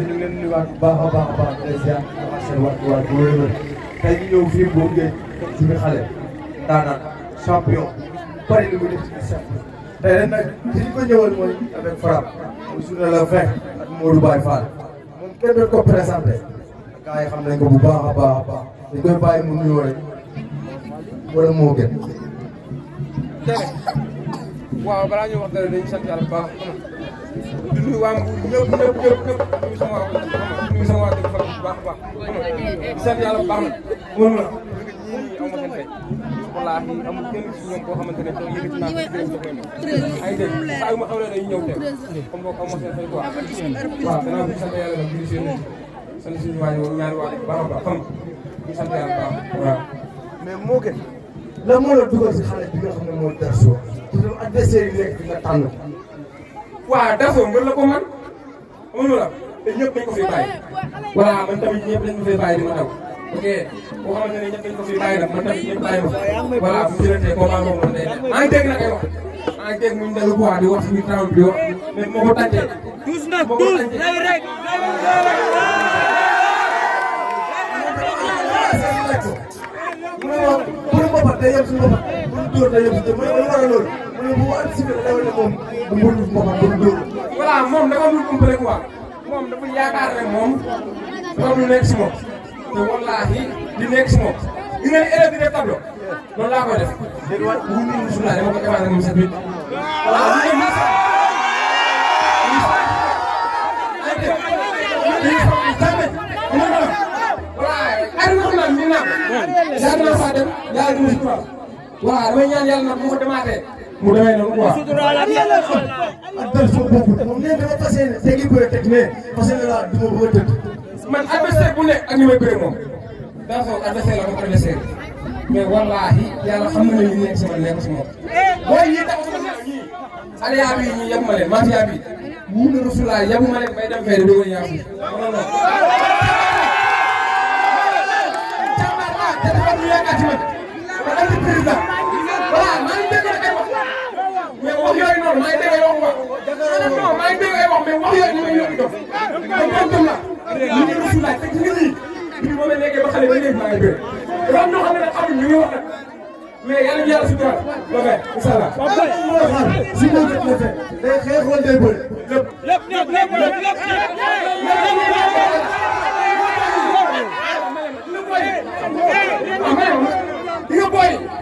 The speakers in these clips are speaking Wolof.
ñu ngi leen di nuyuwaat bu baax a baax a baax di ziar seen wàccuwaay bu wér wér tey ñu ñëw fii boo géej ci biir xale daanaan champion bari def ci biir set tey nag li ñu ko mooy avec Frapp mu journée la vingt ak Modou Baye Fall moom kenn doon ko présenté gars xam nañ ko bu baax a baax a baax dañ mu nuyoo rek waaw balaa ñuy wax dara dañuy sant yàlla bu baax di nuyu waa Mbour ñëpp ñëpp ñëpp ñëpp nuyu sama waa di nuyu sama waa dëkk Fatick bu baax a baax di sant yàlla bu baax na mën na ñii amul seen fay wallaahi amul kenn ci ñoom boo xamante ne toog yëkkati naa ay dégg saa yu ma xamle dañuy ñëw teew comme boog amul seen fay quoi waaw danaa ko sant yàlla nag di seen sant suñu waa ñaari waa baax a baax xam ñu sant yàlla baax waaw mais moo gën lan moo la dugal si xale bi nga xam ne moo dar soo te adversaire yi nekk bi nga tànn waa Darso mbër la ko man amul la te ñëpp dañ ko fiy bàyyi voilà man tamit ñëpp dañ ko fiy bàyyi di ma daw ok boo xamante ne ñëpp dañ ko fiy bàyyi nag man tamit ñëpp bàyyi ma voilà bu jëlantee combat boobu noonu day dem maa ngi dégg nag ay wax maa ngi dégg muñ dellu bu di wax suñu taw bi di wax mais moo ko tàjjee moo ko tàjjee rek mu ne ma pour boppam day yem suñu boppam bu ñu dóor day yóbbu si mu ne lu war a loolu mu ne bu mu anticipé da dawal ne moom bu mu dóor boppam bu mu dóor. voilà moom dafa am lu umpale quoi moom dafa yaakaar ne moom dafa am lu nekk si moom te wallaahi li nekk si moom. li ngeen élève di def tableau loolu laa koy def léegi waat bu mu nuyu journal dama ko évalué moom sax bi Jangan lupa dan waaw damay ñaan yàlla nag bu ko demaatee mu demee noonu quoi. ak dal foofu bokkul moom nee dama fas yéene tegi bëre teg nee fas yéene laa du ma bëgg a tëdd man adversaire bu nekk ak ni may bëre moom daa foog adversaire la moom adversaire mais wallaahi yàlla xam na ne ñu nekk si man nekk si moom. waaye ñii tax sama nekk ñii aliyaa bi ñii yabu ma leen mafia bi wuutu rasulaay yabu ma leen bay dem fee de doo yaa ko non non. jàmbaar laa te dafa am lu yaakaar ci man ma dal di président voilà maa ngi dégg ay wax mais wax yooyu noonu maa ngi dégg ay wax non maa ngi dégg ay wax mais wax yooyu ñu ngi yóbbu dof man tontu la ñu ngi rasul laaj te gis nga nii ñu moom la nekkee ba xale ba léegi maa ngi bëri dafa am ñoo xam ne nag xamuñ ñu ngi wax nag mais yàlla ñu yàlla si dara ba fay incha allah. ba fay si moom la ñu fay day xeex wala day bëri lépp. lépp lépp lépp lépp lépp lépp lépp lépp lépp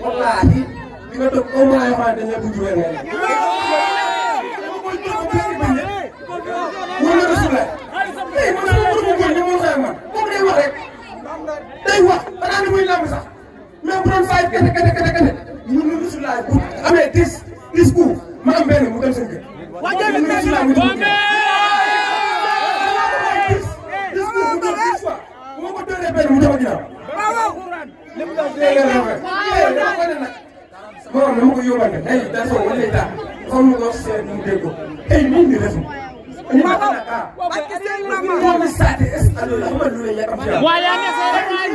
Wallaahi di nga toog au moins yoo xamante ne ñëpp juwee nga wala rasulullah tey man sama mën ko góor ñu mën xeex man moom day wax rek day wax xanaa ni muy làmb sax même bu doon faay kene kene kene kene mën na rasulullah bu amee dix dix coups ma am benn mu dem seen kër mën na rasulullah mu dugg léegi mu jëm ak ginnaaw. lépp daal di leen rafet. léegi dafa ko ne nag. borom dama ko yóbbante ay dafa wala ay taa. xaw ma ko seet mu dégg ko. tey moom mi def waya ne sere man ya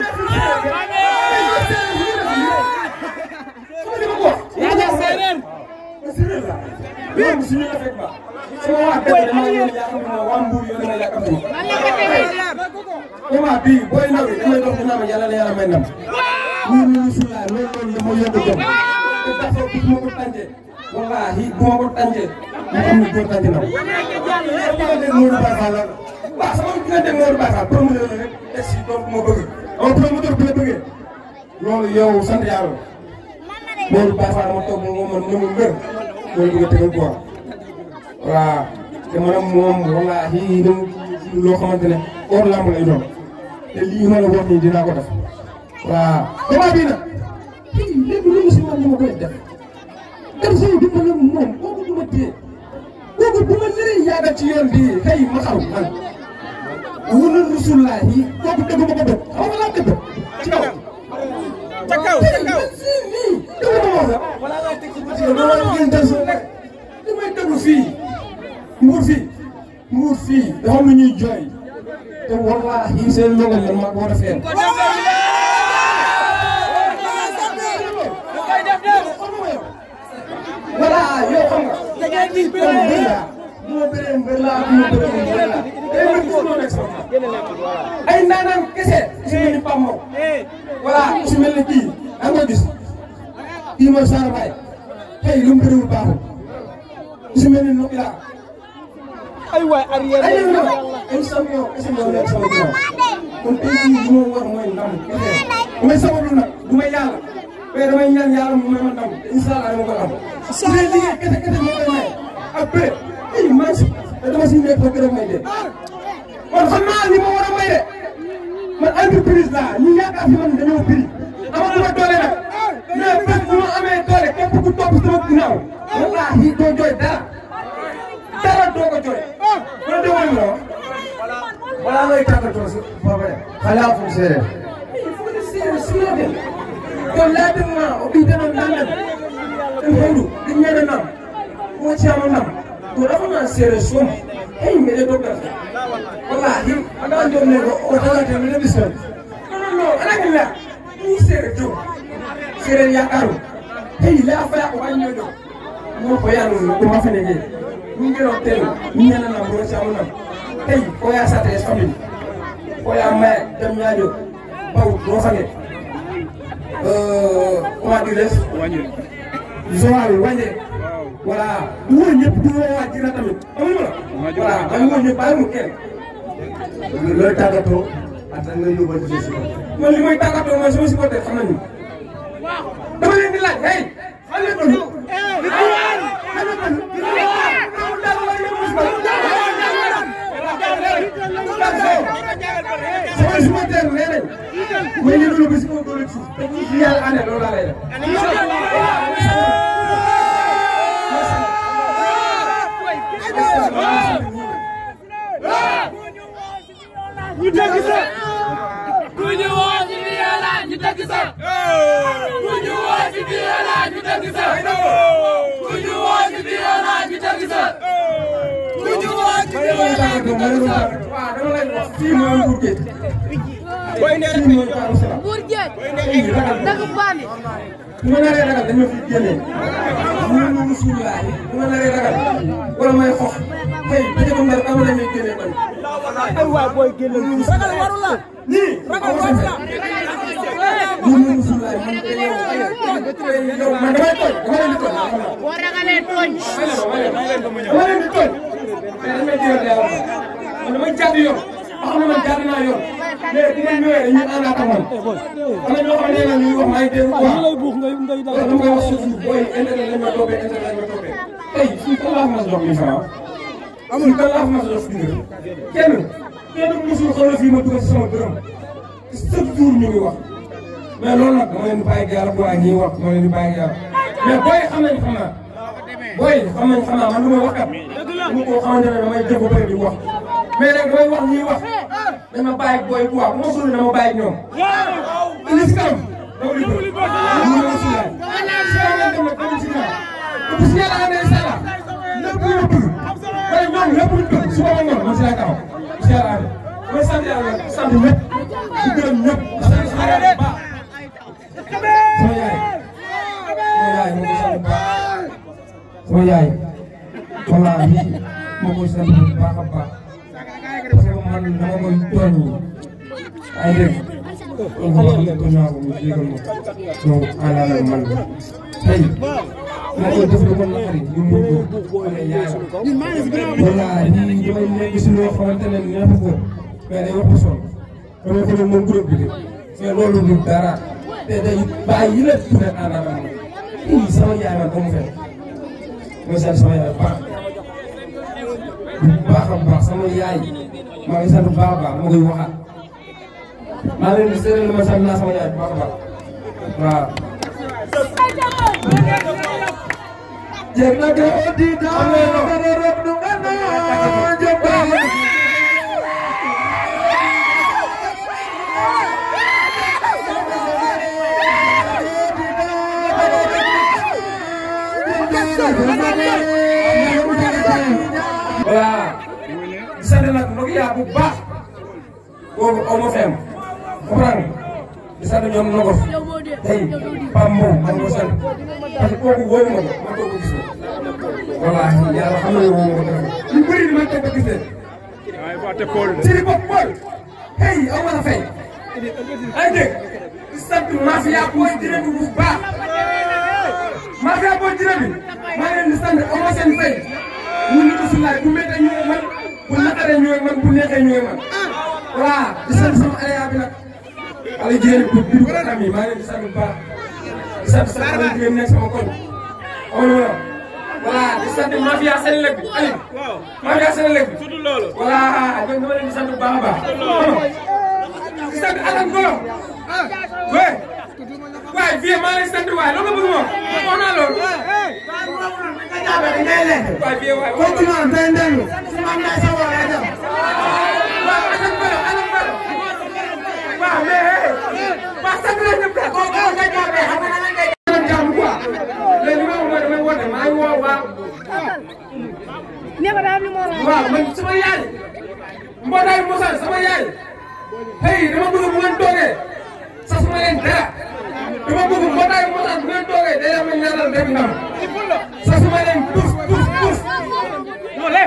ne sere ima bi boy ndaw yi damay dox dina ma yàlla la yàlla may ndam ñu ñu ñu la loolu loolu li ma yóbbu jom dafa bu ma ko tànjee wallahi bu ma ko tànjee ñu góor tànk ndaw. waaw sama diggante Modou Barra promoteur la rek est donc moo bëgg ama promoteur bu la bëggee loolu yow sant yàlla Modou Barra dama toog moom man mënul mbër loolu bëgg a tegal quoi waaw te maanaam moom wallaahi loo xamante ne hors lamb lay doon te lii ma la wax nii dinaa ko def waaw combat bii nag lépp lu mu si man dama koy def def si dima nag moom kooku du ma téye donc bu ma nëree yàggal ci yoon bi tey ma xaw man wulul rasulullaahi kooku dëgg ma ko bët xaw ma laa ko bët ci kaw. ca kaw ca kaw tey nii dëgg ma wax la. wala laa teg ci bët yi dama la gën tey rek li may déglu fii mbuur fii mbuur fii dafa am lu ñuy jooy te wallaahi seen logo man maa ko war a feeñ. voilà yow xam nga. kii kon mbër la bu ma bëree mbër laa bu ma bëree mbër laa day wër gis noonu ak ay ndaanaan kese su mel ni Pam Mbow voilà su mel ni kii da nga gis kii mooy Saara Baye tey lu mu bëriwul baaxul su mel ni Nokila ay waay arrière ay ay champion kese ñoo nekk sama ginnaaw kon tey jii li ma war mooy ndam kese bu may sabablu nag du may yàlla mais damay ñaan yàlla mu may ma ndam incha allah dama ko am. bëre ay man dama si nekk rek may dee kon xam naa li ma war a may de man entreprise laa ñu yaakaar si man dañoo bëri dama dama doole nag mais bés bu ma amee doole képp ku topp sama ginnaaw wallaahi doo jooy dara dara doo ko jooy wala doo wala loo wala ngay tàggatoo si boobu rek xalaa fu séeréer kon laajte naa o ɓiy dana naan nan en hewlu ɗi ñaananam mo ciyama nam kuna sere som hey mele do dal wallahi aga jom ne ko o tala te mele bisal no no no ala gila ni sere do sere ya karu hey la fa ya ko banyo do mo ko ya no ko ma fene ge ni ngero tel ni na na mo sa mo hey ko ya sa te som ko uh, ya ma dem ya do baw do fa ge euh comment dire wagne zoal wagne voilà bu wóor ñëpp bu wóor dina tamit amuñu la. voilà xam nga ñëpp bàyyiwul kenn. looy tàggatoo ak lan ngay yóbbu ci si man li may tàggatoo mooy sama supporter xam nañu dama leen di laaj hey. xam nga kon. li ko waral. xam nga kon li ko waral. amul dara wala yóbbu si ma. sama supporter nee nañ. muy yëngu lu bis ko góor a ci. te ci yàlla àndal loolu laa lay def. ñu dëgg sa. ku ñu woo ci biir la ñu dëgg sa. ku ñu woo ci biir la ñu dëgg sa. ku ñu woo ci biir la ñu dëgg sa. ku ñu woo ci biir la ñu dëgg sa. waaw dama lay wax fii mooy Mbour Géej. fii mooy Darou Salaam. Mbour Géej. dëgg baani. su ma naree ragal dañoo fi génnee. ñun ñoo mu suñu laaj ma naree ragal wala may xox tey dëkk bu ndar am na ñuy génnee man. ay waay booy génne ñu ragal waru mu suñu laaj man tey yow tey yow man damay toj dama leen di toj xam naa. boo ragalee toj. dama leen di toj. mais damay jël day wax man léegi dinañ ñëwee dañuy ànd ak amal. ne ñuy wax may wax suuf ma toppee internet lañ ma toppee. tey fii kan laa fi mas a jox mille franc amul kan laa fi a jox dina kenn kenn mosul xoolal fii ma dugal si sama dërëm chaque jour ñu ngi wax mais loolu nag lu may wax kat mu ko xamante ne damay jëf ba pare di wax mais nag damay wax ñuy wax. dañ ma bàyyi ak booy bu waaw bu ma bëgg na ma bàyyi ak ñoom. Liss Cam. dama li bëri mu ngi si laaj. si laaj lañ dem nag ba mu si ginnaaw. te bu si yàlla amee sala lépp lu ñu bëgg. wala ñoom lépp lu ñu bëgg suba ba ngoon man si laay taxaw. bu si yàlla amee. ma sant yàlla sant ñëpp. di gërëm ñëpp. sant sama yaay bu baax. sama yaay. sama yaay moo koy sant bu baax. sama yaay. wala bii moo koy sant bu baax a baax. man dama koy tooñ ay dégg nga wax ne ko naa ko mu jégal ma donc alaala man la tey ma koy def lu ko naqari ñu mun ko wala yaayam voilà ñii damay nekk si loo xamante ne neex ko mais day wax sol dama ko ne moom groupe bi de mais loolu du dara te day bàyyi lépp pour ne alaala man kii sama yaay man ba mu fekk ma seet sama yaay baax bu baax a baax sama yaay maa ngi sant bu baax a baax ma koy waxaat maa leen di seetlu ma sant naa sama yaay bu baax a baax waaw. ñoom na ko tey Pape Mbow maa ngi ko sant parce que kooku wóolu ma ko man kooku gis ma wallaahi yàlla xam nañu woo ma ko lu bëri man ko gis leen. Serigne Bob Paul. hey aw ma la fay. ay dégg sant mafia booy jërëm bu baax. mafia booy jërëm bi maa ngi leen di sant aw ma seen fay ñun nit su laay bu méttee ñu man bu naqaree ñu man bu neexee ñu man waaw di sant sama aléa bi nag. xale yu jigéen ñi di dugg am yi maa ngi leen di sant bu baax di sant sama xale yu jigéen ñi nekk sama koñ. xam nga voilà di sant mafia Senelec bi Aliou mafia Senelec bi voilà ñoom dama leen di sant bu baax a baax. di sant Assane Golo ah, oui waaye fii maa ngi leen di sant waaye loolu la bëgg moom wax naa loolu. waaye fii waaye mbootaay Moussa sama yaay tey dama bëgg bu ngeen toogee sax sama leen dara dama bëgg mbootaay Moussa bu ngeen toogee day am ñaanal rek ndam sax sama leen tous tous tous mo le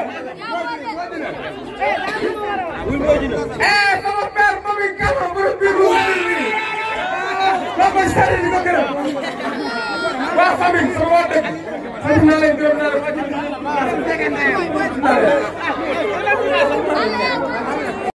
eh sama père mami kama bu bi ru la ko sari di ko gërëm waa famille sama waa dëkk sant naa leen gërëm naa leen